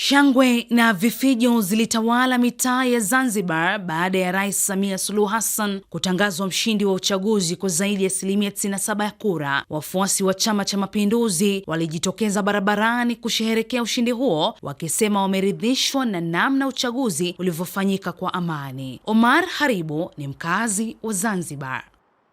Shangwe na vifijo zilitawala mitaa ya Zanzibar baada ya Rais Samia Suluhu Hassan kutangazwa mshindi wa uchaguzi kwa zaidi ya asilimia 97 ya kura. Wafuasi wa Chama cha Mapinduzi walijitokeza barabarani kusherehekea ushindi huo, wakisema wameridhishwa na namna uchaguzi ulivyofanyika kwa amani. Omar Haribu ni mkazi wa Zanzibar.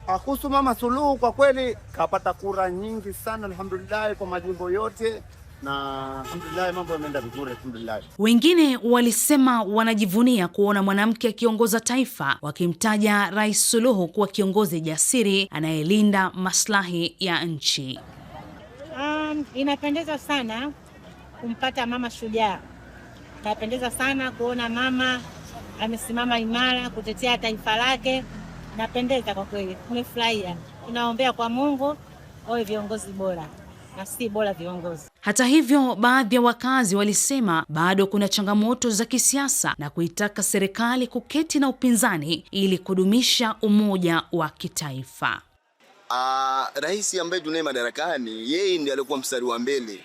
Akuhusu Mama Suluhu, kwa kweli kapata kura nyingi sana, alhamdulillahi, kwa majimbo yote na alhamdulillah mambo yameenda vizuri, alhamdulillah. Wengine walisema wanajivunia kuona mwanamke akiongoza taifa, wakimtaja Rais Suluhu kuwa kiongozi jasiri anayelinda maslahi ya nchi. Um, inapendeza sana kumpata mama shujaa, inapendeza sana kuona mama amesimama imara kutetea taifa lake. Napendeza kwa kweli, tumefurahia. Tunaombea kwa Mungu awe viongozi bora na si bora viongozi hata hivyo, baadhi ya wakazi walisema bado kuna changamoto za kisiasa na kuitaka serikali kuketi na upinzani ili kudumisha umoja wa kitaifa. Uh, rais ambaye tunaye madarakani yeye ndiye alikuwa mstari wa mbele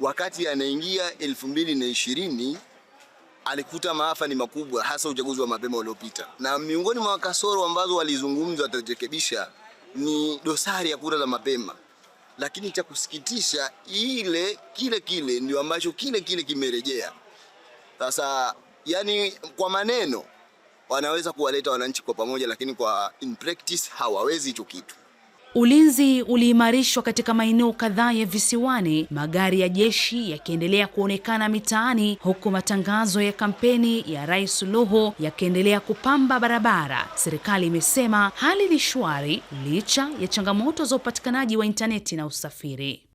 wakati anaingia elfu mbili na ishirini alikuta maafa ni makubwa, hasa uchaguzi wa mapema uliopita, na miongoni mwa kasoro ambazo walizungumza watarekebisha ni dosari ya kura za mapema lakini cha kusikitisha ile kile kile ndio ambacho kile kile kimerejea. Sasa yani, kwa maneno wanaweza kuwaleta wananchi kwa pamoja, lakini kwa in practice hawawezi hicho kitu. Ulinzi uliimarishwa katika maeneo kadhaa ya visiwani, magari ya jeshi yakiendelea kuonekana mitaani, huku matangazo ya kampeni ya Rais Suluhu yakiendelea kupamba barabara. Serikali imesema hali ni shwari licha ya changamoto za upatikanaji wa intaneti na usafiri.